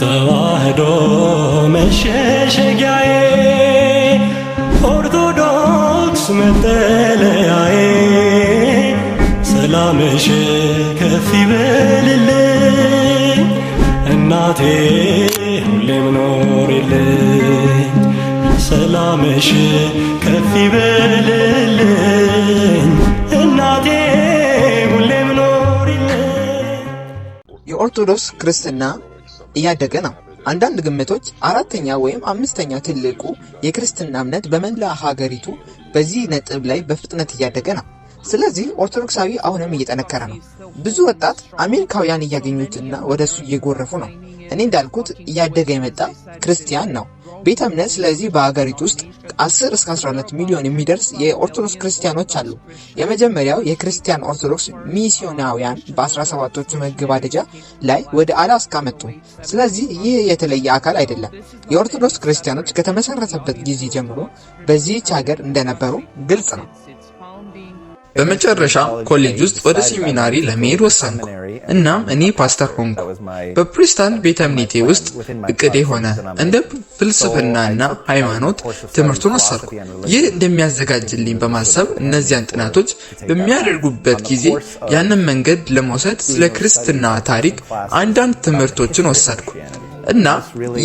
ተዋህዶ መሸሸጊያዬ ኦርቶዶክስ መጠለያዬ ሰላምሽ ከፍ ይበልልኝ እናቴ ሁሌም ኖሪልኝ ሰላምሽ ከፍ ይበልልኝ እናቴ ሁሌም ኖሪልኝ የኦርቶዶክስ ክርስትና እያደገ ነው። አንዳንድ ግምቶች አራተኛ ወይም አምስተኛ ትልቁ የክርስትና እምነት በመላ ሀገሪቱ በዚህ ነጥብ ላይ በፍጥነት እያደገ ነው። ስለዚህ ኦርቶዶክሳዊ አሁንም እየጠነከረ ነው። ብዙ ወጣት አሜሪካውያን እያገኙትና ወደሱ እየጎረፉ ነው። እኔ እንዳልኩት እያደገ የመጣ ክርስቲያን ነው ቤተ እምነት። ስለዚህ በሀገሪቱ ውስጥ 10 እስከ 12 ሚሊዮን የሚደርስ የኦርቶዶክስ ክርስቲያኖች አሉ። የመጀመሪያው የክርስቲያን ኦርቶዶክስ ሚስዮናውያን በ17ቶቹ መገባደጃ ላይ ወደ አላስካ መጡ። ስለዚህ ይህ የተለየ አካል አይደለም። የኦርቶዶክስ ክርስቲያኖች ከተመሰረተበት ጊዜ ጀምሮ በዚህች ሀገር እንደነበሩ ግልጽ ነው። በመጨረሻ ኮሌጅ ውስጥ ወደ ሴሚናሪ ለመሄድ ወሰንኩ። እናም እኔ ፓስተር ሆንኩ። በፕሪስታንት ቤተ ውስጥ እቅድ ሆነ እንደ ፍልስፍናና ሃይማኖት ትምህርቱን ወሰድኩ። ይህ እንደሚያዘጋጅልኝ በማሰብ እነዚያን ጥናቶች በሚያደርጉበት ጊዜ ያንን መንገድ ለመውሰድ ስለ ክርስትና ታሪክ አንዳንድ ትምህርቶችን ወሰድኩ። እና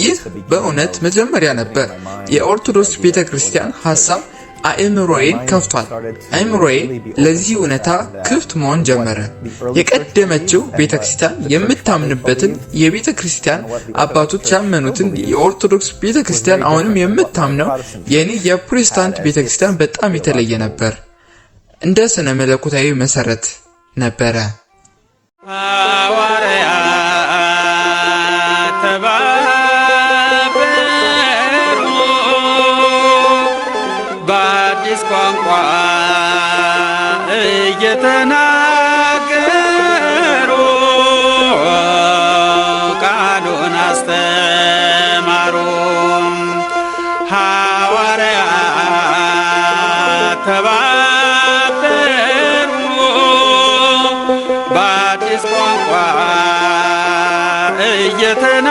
ይህ በእውነት መጀመሪያ ነበር የኦርቶዶክስ ቤተ ክርስቲያን ሀሳብ አእምሮዬን ከፍቷል። አእምሮዬ ለዚህ እውነታ ክፍት መሆን ጀመረ። የቀደመችው ቤተ ክርስቲያን የምታምንበትን የቤተ ክርስቲያን አባቶች ያመኑትን የኦርቶዶክስ ቤተ ክርስቲያን አሁንም የምታምነው የኔ የፕሮቴስታንት ቤተ ክርስቲያን በጣም የተለየ ነበር። እንደ ስነ መለኮታዊ መሰረት ነበረ። ተባበሩ በአዲስ ቋንቋ እየተና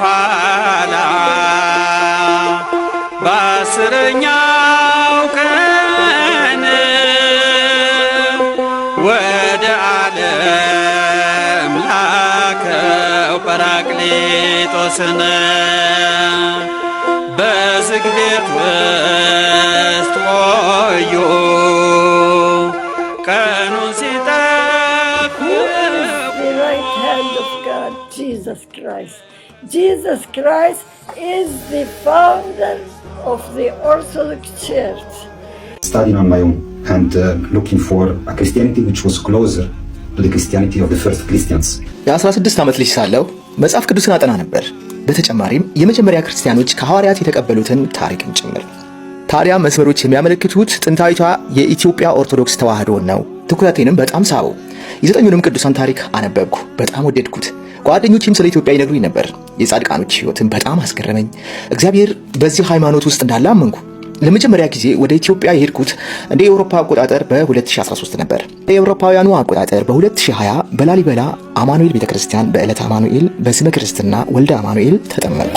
ኋላ በአስረኛው ቀን ወደ ዓለም ላከው ጰራቅሊጦስን Jesus Christ. Jesus Christ is the founder of the Orthodox Church. Studying on my own and uh, looking for a Christianity which was closer to the Christianity of the first Christians. የ16 ዓመት ልጅ ሳለሁ መጽሐፍ ቅዱስን አጠና ነበር። በተጨማሪም የመጀመሪያ ክርስቲያኖች ከሐዋርያት የተቀበሉትን ታሪክን ጭምር። ታዲያ መስመሮች የሚያመለክቱት ጥንታዊቷ የኢትዮጵያ ኦርቶዶክስ ተዋሕዶን ነው። ትኩረቴንም በጣም ሳበው። የዘጠኙንም ቅዱሳን ታሪክ አነበብኩ፣ በጣም ወደድኩት። ጓደኞቼም ስለ ኢትዮጵያ ይነግሩኝ ነበር። የጻድቃኖች ሕይወትን በጣም አስገረመኝ። እግዚአብሔር በዚህ ሃይማኖት ውስጥ እንዳለ አመንኩ። ለመጀመሪያ ጊዜ ወደ ኢትዮጵያ የሄድኩት እንደ ኤውሮፓ አቆጣጠር በ2013 ነበር። በኤውሮፓውያኑ አቆጣጠር በ2020 በላሊበላ አማኑኤል ቤተክርስቲያን በዕለት አማኑኤል በስመ ክርስትና ወልደ አማኑኤል ተጠመቁ።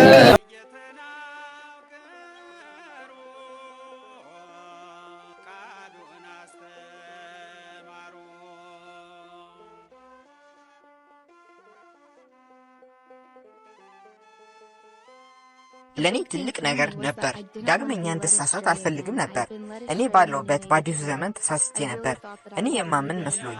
ለእኔ ትልቅ ነገር ነበር። ዳግመኛ እንድሳሳት አልፈልግም ነበር። እኔ ባለውበት በአዲሱ ዘመን ተሳስቼ ነበር። እኔ የማምን መስሎኝ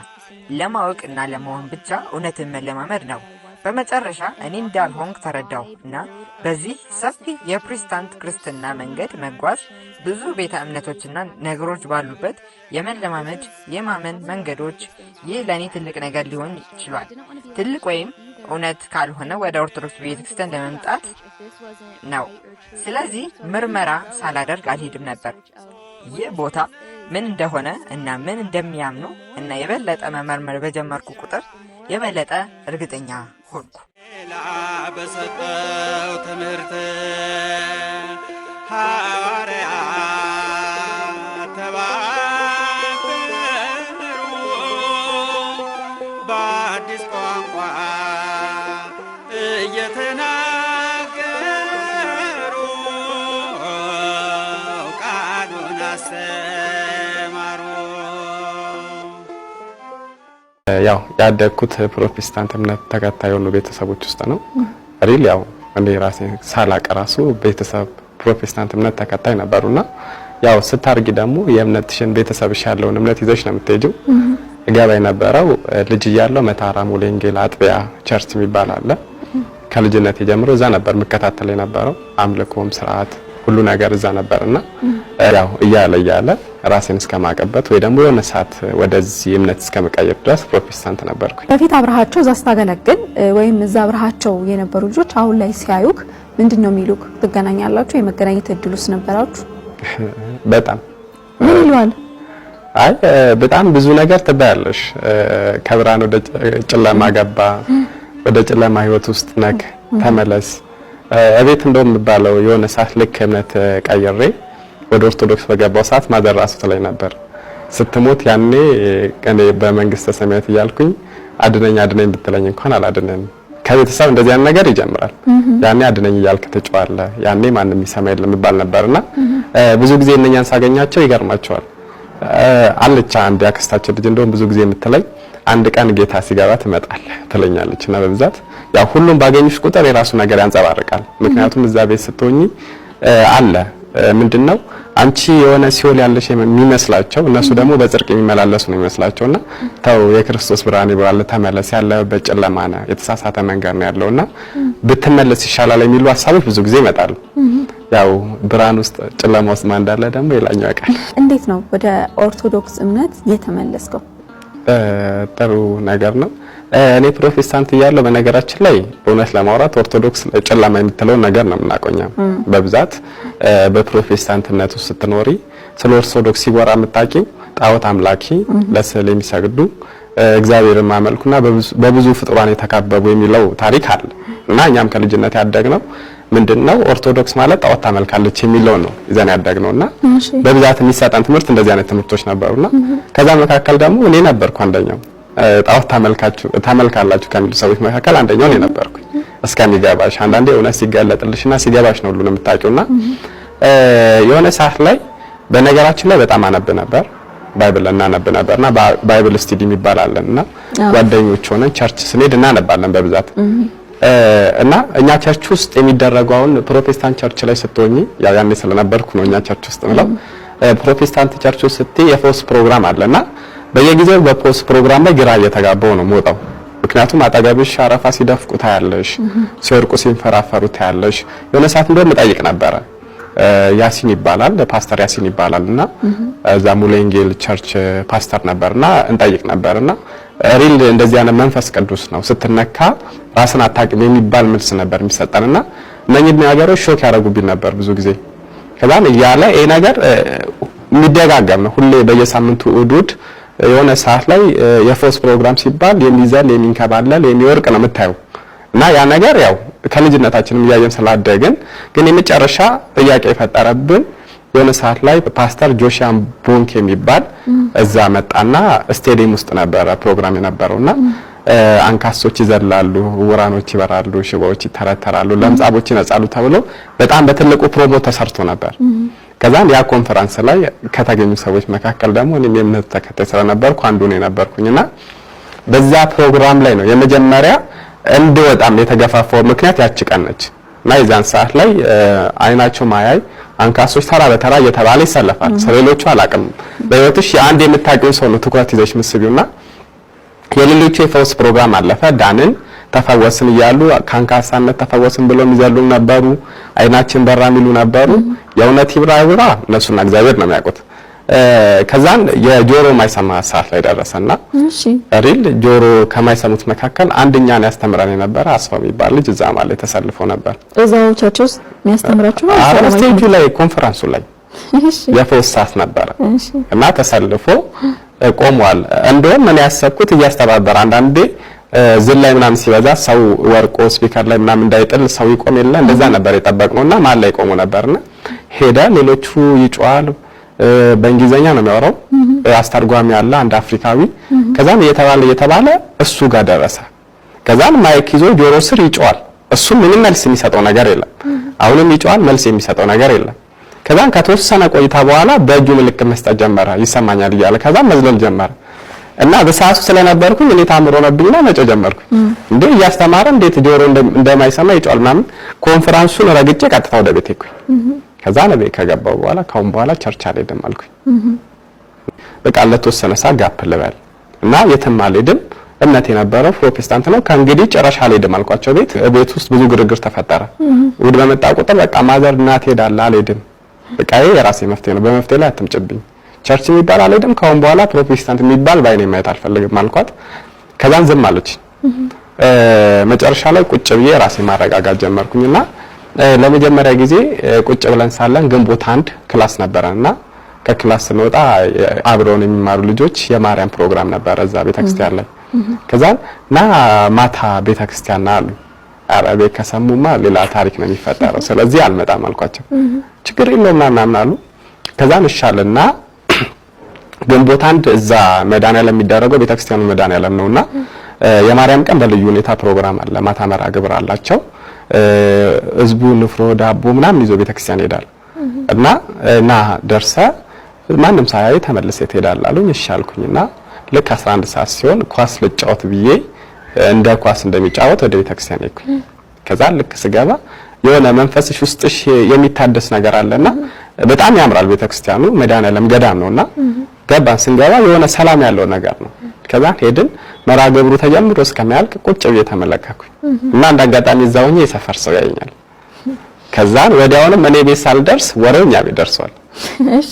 ለማወቅ እና ለመሆን ብቻ እውነትን መለማመድ ነው። በመጨረሻ እኔ እንዳልሆንክ ተረዳሁ እና በዚህ ሰፊ የፕሮቴስታንት ክርስትና መንገድ መጓዝ ብዙ ቤተ እምነቶችና ነገሮች ባሉበት የመለማመድ የማመን መንገዶች፣ ይህ ለእኔ ትልቅ ነገር ሊሆን ይችሏል። ትልቅ ወይም እውነት ካልሆነ ወደ ኦርቶዶክስ ቤተክርስቲያን ለመምጣት ነው። ስለዚህ ምርመራ ሳላደርግ አልሄድም ነበር። ይህ ቦታ ምን እንደሆነ እና ምን እንደሚያምኑ እና የበለጠ መመርመር በጀመርኩ ቁጥር የበለጠ እርግጠኛ ሆንኩ። በሰጠው ትምህርት ሐዋርያ ያው ያደግኩት ፕሮቴስታንት እምነት ተከታይ የሆኑ ቤተሰቦች ውስጥ ነው። ሪል ያው እኔ ራሴ ሳላቅ ራሱ ቤተሰብ ፕሮቴስታንት እምነት ተከታይ ነበሩና ያው ስታርጊ ደግሞ የእምነትሽን ቤተሰብሽ ያለውን እምነት ይዘሽ ነው የምትሄጂው። እገባ የነበረው ልጅ እያለሁ መታራ ሙሉ አጥቢያ ቸርች የሚባል አለ። ከልጅነት ጀምሮ እዛ ነበር የምከታተል የነበረው አምልኮም ስርዓት ሁሉ ነገር እዛ ነበርና ያው እያለ እያለ ራሴን እስከማቀበት ወይ ደግሞ የሆነ ሰዓት ወደዚህ እምነት እስከመቀየር ድረስ ፕሮቴስታንት ነበርኩኝ። በፊት አብረሃቸው እዛ ስታገለግል ወይም እዛ አብረሃቸው የነበሩ ልጆች አሁን ላይ ሲያዩክ ምንድን ነው የሚሉክ? ትገናኛላችሁ? የመገናኘት እድሉስ ነበራችሁ? በጣም ምን ይለዋል? አይ በጣም ብዙ ነገር ትበያለሽ። ከብርሃን ወደ ጨለማ ገባ፣ ወደ ጨለማ ህይወት ውስጥ ነክ ተመለስ። እቤት እንደው የምባለው የሆነ ሰዓት ልክ እምነት ቀይሬ ወደ ኦርቶዶክስ በገባው ሰዓት ማዘር ራሱ ላይ ነበር ስትሞት። ያኔ እኔ በመንግስተ ሰማያት እያልኩኝ አድነኝ አድነኝ ብትለኝ እንኳን አላድነኝ። ከቤተሰብ እንደዚህ አይነት ነገር ይጀምራል። ያኔ አድነኝ እያልክ ትጮዋለህ። ያኔ ማንም ይሰማ የለም ይባል ነበርና ብዙ ጊዜ እነኛን ሳገኛቸው ይገርማቸዋል። አለቻ አንድ ያክስታቸው ልጅ እንደውም ብዙ ጊዜ የምትለኝ አንድ ቀን ጌታ ሲገባ ትመጣለህ ትለኛለች። እና በብዛት ያው ሁሉም ባገኘሽ ቁጥር የራሱ ነገር ያንጸባርቃል። ምክንያቱም እዛ ቤት ስትሆኚ አለ ምንድን ነው አንቺ የሆነ ሲኦል ያለሽ የሚመስላቸው እነሱ ደግሞ በጽድቅ የሚመላለሱ ነው የሚመስላቸውና ተው የክርስቶስ ብርሃን ይብራል ተመለስ፣ ያለበት ጨለማ ነው፣ የተሳሳተ መንገድ ነው ያለውና ብትመለስ ይሻላል የሚሉ ሀሳቦች ብዙ ጊዜ ይመጣሉ። ያው ብርሃን ውስጥ ጨለማ ውስጥ ማን እንዳለ ደግሞ ሌላኛው ያውቃል። እንዴት ነው ወደ ኦርቶዶክስ እምነት የተመለስከው? ጥሩ ነገር ነው። እኔ ፕሮቴስታንት እያለሁ በነገራችን ላይ እውነት ለማውራት ኦርቶዶክስ ጨለማ የምትለውን ነገር ነው የምናቆኛ በብዛት በፕሮፌስታንትነት ውስጥ ስትኖሪ ስለ ኦርቶዶክስ ሲወራ የምታውቂው ጣዖት አምላኪ ለስዕል የሚሰግዱ እግዚአብሔርን ማመልኩና በብዙ ፍጥሯን የተካበቡ የሚለው ታሪክ አለ እና እኛም ከልጅነት ያደግነው ምንድነው ኦርቶዶክስ ማለት ጣዖት ታመልካለች የሚለው ነው ይዘን ያደግነውና በብዛት የሚሰጠን ትምህርት እንደዚህ አይነት ትምህርቶች ነበሩና ከዛ መካከል ደግሞ እኔ ነበርኩ አንደኛው ጣዖት ታመልካላችሁ ከሚሉ ሰዎች መካከል አንደኛው እኔ ነበርኩኝ። እስከሚገባሽ አንዳንዴ እውነት ሲገለጥልሽና ሲገባሽ ነው ሁሉንም የምታውቂውና የሆነ ሰዓት ላይ በነገራችን ላይ በጣም አነብ ነበር ባይብል እናነብ ነበርና ባይብል ስቲዲ የሚባል አለና ጓደኞች ሆነን ቸርች ስንሄድ እናነባለን በብዛት እና እኛ ቸርች ውስጥ የሚደረገውን ፕሮቴስታንት ቸርች ላይ ስትሆኚ ያው ያኔ ስለነበርኩ ነው እኛ ቸርች ውስጥ ምለው ፕሮቴስታንት ቸርች ውስጥ ስትይ የፎስ ፕሮግራም አለና በየጊዜው በፖስት ፕሮግራም ላይ ግራ እየተጋባው ነው የምወጣው። ምክንያቱም አጠገብሽ አረፋ ሲደፍቁ ታያለሽ፣ ሲወርቁ ሲንፈራፈሩ ታያለሽ። የሆነ ሰዓት እንደውም እጠይቅ ነበረ ያሲን ይባላል ፓስተር ያሲን ይባላል እና እዛ ሙሉ ቸርች ፓስተር ነበርና እንጠይቅ ነበርና ሪል እንደዚህ አይነት መንፈስ ቅዱስ ነው ስትነካ ራስን አታውቅም የሚባል መልስ ነበር የሚሰጠንና እነኚህ ነገሮች ሾክ ያደረጉብኝ ነበር ብዙ ጊዜ። ከዛም እያለ ይሄ ነገር የሚደጋገም ነው ሁሌ በየሳምንቱ እሑድ የሆነ ሰዓት ላይ የፎስ ፕሮግራም ሲባል የሚዘል የሚንከባለል የሚወርቅ ነው የምታየው። እና ያ ነገር ያው ከልጅነታችንም እያየን ስላደግን ግን የመጨረሻ ጥያቄ የፈጠረብን የሆነ ሰዓት ላይ ፓስተር ጆሽያን ቦንክ የሚባል እዛ መጣና ስቴዲየም ውስጥ ነበረ ፕሮግራም የነበረውና አንካሶች ይዘላሉ፣ ውራኖች ይበራሉ፣ ሽቦዎች ይተረተራሉ፣ ለምጻቦች ይነጻሉ ተብሎ በጣም በትልቁ ፕሮሞ ተሰርቶ ነበር። ከዛ ያ ኮንፈረንስ ላይ ከተገኙ ሰዎች መካከል ደግሞ እኔም የእምነት ተከታይ ስለነበርኩ አንዱ ነው የነበርኩኝና በዛ ፕሮግራም ላይ ነው የመጀመሪያ እንድወጣም የተገፋፈው ምክንያት ያቺ ቀን ነች። እና የዛን ሰዓት ላይ አይናቸው ማያይ አንካሶች ተራ በተራ እየተባለ ይሰለፋል። ስለሌሎቹ አላቅም። በህይወትሽ የአንድ የምታውቂውን ሰው ነው ትኩረት ይዘሽ ምስቢውና የሌሎቹ የፈውስ ፕሮግራም አለፈ ዳንን ተፈወስን እያሉ ካንካሳነት ተፈወስን ብለው የሚዘሉ ነበሩ። አይናችን በራ የሚሉ ነበሩ። የእውነት ይብራ ይብራ እነሱና እግዚአብሔር ነው የሚያውቁት። ከዛን የጆሮ ማይሰማ ሰዓት ላይ ደረሰና ሪል ጆሮ ከማይሰሙት መካከል ነው ያስተምረን የነበረ አስፋው የሚባል ልጅ እዛ ማለት ተሰልፎ ነበር። እዛው ቸርች ውስጥ የሚያስተምራችሁ ስቴጁ ላይ ኮንፈረንሱ ላይ የፈውስ ሰዓት ነበረ እና ተሰልፎ ቆሟል። እንደውም እኔ ያሰብኩት እያስተባበረ አንዳንዴ ዝላይ ምናምን ሲበዛ ሰው ወርቆ ስፒከር ላይ ምናምን እንዳይጥል ሰው ይቆም የለ እንደዛ ነበር የጠበቅነውና መሀል ላይ ቆሞ ነበርና ሄደ። ሌሎቹ ይጮዋል። በእንግሊዘኛ ነው የሚያወራው። አስተርጓሚ ያለ አንድ አፍሪካዊ። ከዛም እየተባለ እየተባለ እሱ ጋር ደረሰ። ከዛም ማይክ ይዞ ጆሮ ስር ይጮዋል። እሱ ምንም መልስ የሚሰጠው ነገር የለም። አሁንም ይጮዋል፣ መልስ የሚሰጠው ነገር የለም። ከዛም ከተወሰነ ቆይታ በኋላ በእጁ ምልክት መስጠት ጀመረ። ይሰማኛል እያለ ከዛም መዝለል ጀመረ። እና በሰዓቱ ስለነበርኩ እኔ ታምሮ ነብኝና መጮ ጀመርኩ። እንዴ እያስተማረ እንዴት ጆሮ እንደማይሰማ ይጮል ምናምን ኮንፈራንሱን ረግጬ ቀጥታ ወደ ቤቴ እኮ ከዛ ነው ከገባው በኋላ ካሁን በኋላ ቸርች አልሄድም አልኩኝ። በቃ ለተወሰነ ሰዓት ጋፕ ልበል እና የትም አልሄድም እምነት የነበረው ፕሮቴስታንት ነው። ከእንግዲህ ጭራሽ አልሄድም አልኳቸው። ቤት ቤት ውስጥ ብዙ ግርግር ተፈጠረ። እሑድ በመጣ ቁጥር በቃ ማዘር እናት ሄዳላ አልሄድም በቃ የራሴ መፍትሄ ነው በመፍትሄ ላይ አትምጭብኝ ቸርች የሚባል አልሄድም፣ ከአሁን በኋላ ፕሮቴስታንት የሚባል ባይኔ ማየት አልፈልግም አልኳት። ከዛን ዝም አለች። መጨረሻ ላይ ቁጭ ብዬ ራሴ ማረጋጋት ጀመርኩኝና ለመጀመሪያ ጊዜ ቁጭ ብለን ሳለን ግንቦት አንድ ክላስ ነበረን እና ከክላስ ስንወጣ አብረውን የሚማሩ ልጆች የማርያም ፕሮግራም ነበረ እዛ ቤተክርስቲያን ላይ። ከዛ ና ማታ ቤተክርስቲያን ና አሉ። አረቤ ከሰሙማ ሌላ ታሪክ ነው የሚፈጠረው፣ ስለዚህ አልመጣም አልኳቸው። ችግር የለውም ና ምናምን አሉ። ከዛን እሻልና ግንቦት አንድ እዛ ያለ የሚደረገው ቤተክርስቲያኑ መድኃኔዓለም ነውና የማርያም ቀን በልዩ ሁኔታ ፕሮግራም አለ። ማታ ግብር አላቸው። ህዝቡ ንፍሮ፣ ዳቦ ምናምን ይዞ ቤተክርስቲያን ይሄዳል እና እና ደርሰ ማንም ሳያይ ተመልሰ ትሄዳለህ አሉኝ። እሺ አልኩኝና ልክ 11 ሰዓት ሲሆን ኳስ ልጫወት ብዬ እንደ ኳስ እንደሚጫወት ወደ ቤተክርስቲያን ሄድኩኝ። ከዛ ልክ ስገባ የሆነ መንፈስሽ ውስጥሽ የሚታደስ ነገር አለና በጣም ያምራል ቤተክርስቲያኑ። መድኃኔዓለም ገዳም ነውና ገባን። ስንገባ የሆነ ሰላም ያለው ነገር ነው። ከዛ ሄድን። መራ ገብሩ ተጀምሮ እስከሚያልቅ ቁጭ ብዬ ተመለከኩኝ እና አንድ አጋጣሚ እዛ ሆኜ የሰፈር ሰው ያየኛል። ከዛን ወዲያውንም እኔ ቤት ሳልደርስ ወሬው እኛ ቤት ደርሷል።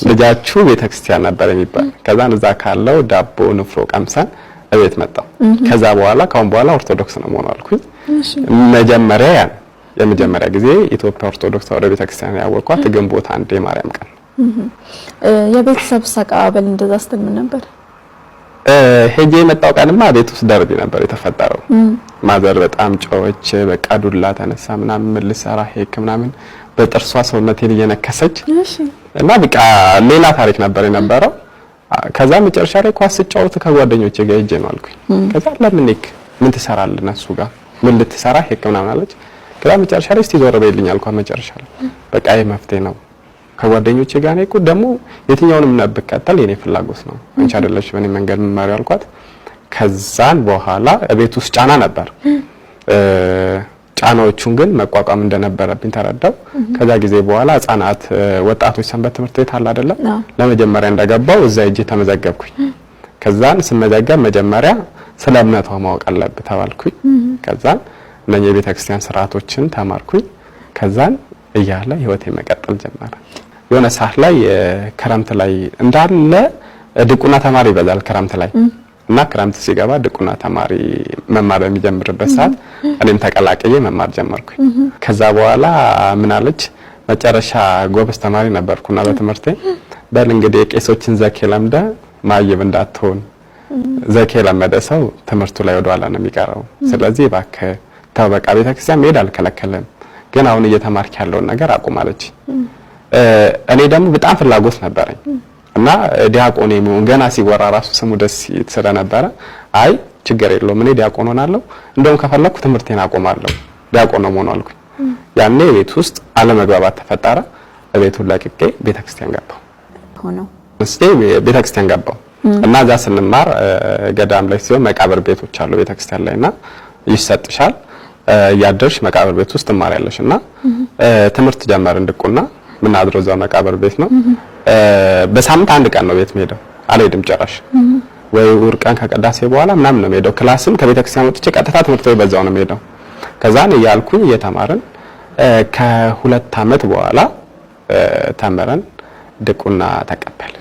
ልጃችሁ ቤተክርስቲያን ነበር የሚባል ከዛን እዛ ካለው ዳቦ ንፍሮ ቀምሰን እቤት መጣ ከዛ በኋላ ካሁን በኋላ ኦርቶዶክስ ነው መሆን አልኩኝ። መጀመሪያ ያን የመጀመሪያ ጊዜ ኢትዮጵያ ኦርቶዶክስ ተዋሕዶ ቤተክርስቲያን ያወቅኳት ግንቦት አንድ የማርያም ቀን። የቤተሰብ አቀባበል እንደዛ ስትል ምን ነበር? ሄጄ የመጣው ቀንማ ቤት ውስጥ ደርቢ ነበር የተፈጠረው። ማዘር በጣም ጮች፣ በቃ ዱላ ተነሳ ምናምን፣ ምን ልሰራ ሄድክ ምናምን፣ በጥርሷ ሰውነቴን እየነከሰች እና በቃ ሌላ ታሪክ ነበር የነበረው። ከዛ መጨረሻ ላይ ኳስ ስጫወት ከጓደኞቼ ጋር ሄጄ ነው አልኩኝ። ከዛ ለምን ሄድክ? ምን ትሰራለህ? እነሱ ጋር ምን ልትሰራ ሄክ ምናምን አለች። ከዛ መጨረሻ ላይ እስቲ ዞር በይልኝ አልኳ። መጨረሻ ላይ በቃ ይሄ መፍትሄ ነው ከጓደኞቼ ጋር እኔ እኮ ደግሞ የትኛውንም ብቀጠል የኔ ፍላጎት ነው፣ አንቺ አይደለሽ በእኔ መንገድ የምመሪው አልኳት። ከዛን በኋላ ቤት ውስጥ ጫና ነበር። ጫናዎቹን ግን መቋቋም እንደነበረብኝ ተረዳው። ከዛ ጊዜ በኋላ ህጻናት፣ ወጣቶች ሰንበት ትምህርት ቤት አለ አይደለም፣ ለመጀመሪያ እንደገባው እዛ እጄ ተመዘገብኩኝ። ከዛን ስመዘገብ መጀመሪያ ስለ እምነቷ ማወቅ አለብህ ተባልኩኝ። ከዛን እነኛ የቤተ ክርስቲያን ስርዓቶችን ተማርኩኝ። ከዛን እያለ ህይወቴ መቀጠል ጀመረ። የሆነ ሰዓት ላይ ክረምት ላይ እንዳለ ድቁና ተማሪ ይበዛል ክረምት ላይ እና ክረምት ሲገባ ድቁና ተማሪ መማር በሚጀምርበት ሰዓት እኔም ተቀላቅዬ መማር ጀመርኩኝ። ከዛ በኋላ ምናለች መጨረሻ ጎበዝ ተማሪ ነበርኩና በትምህርቴ በል እንግዲህ የቄሶችን ዘኬ ለምደ ማየብ እንዳትሆን ዘኬ የለመደ ሰው ትምህርቱ ላይ ወደኋላ ነው የሚቀረው። ስለዚህ እባክህ ተው በቃ ቤተክርስቲያን መሄድ አልከለከልም፣ ግን አሁን እየተማርክ ያለውን ነገር አቁም እኔ ደግሞ በጣም ፍላጎት ነበረኝ እና ዲያቆን የሚሆን ገና ሲወራ ራሱ ስሙ ደስ ስለነበረ አይ ችግር የለውም እኔ ዲያቆን ሆናለሁ፣ እንደውም ከፈለኩ ትምህርቴን አቆማለሁ ዲያቆን ነው መሆኑ አልኩኝ። ያኔ ቤት ውስጥ አለመግባባት ተፈጠረ። ቤቱን ለቅቄ ቤተክርስቲያን ገባሁ። ሆኖ እስቲ ቤተክርስቲያን ገባሁ እና እዛ ስንማር ገዳም ላይ ሲሆን መቃብር ቤቶች አሉ ቤተክርስቲያን ላይና ይሰጥሻል እያደርሽ መቃብር ቤት ውስጥ ትማሪያለሽ እና ትምህርት ጀመርን። ድቁና የምናድረው እዛው መቃብር ቤት ነው። በሳምንት አንድ ቀን ነው ቤት የምሄደው። አልሄድም ጭራሽ ወይ እሑድ ቀን በኋላ ምናምን ነው የምሄደው። ክላስም ክርስቲያን ወጥቼ ቀጥታ ትምህርት ቤት በዛው ነው የምሄደው። ከዛን እያልኩኝ እየተማርን ከሁለት አመት በኋላ ተምረን ድቁና ተቀበል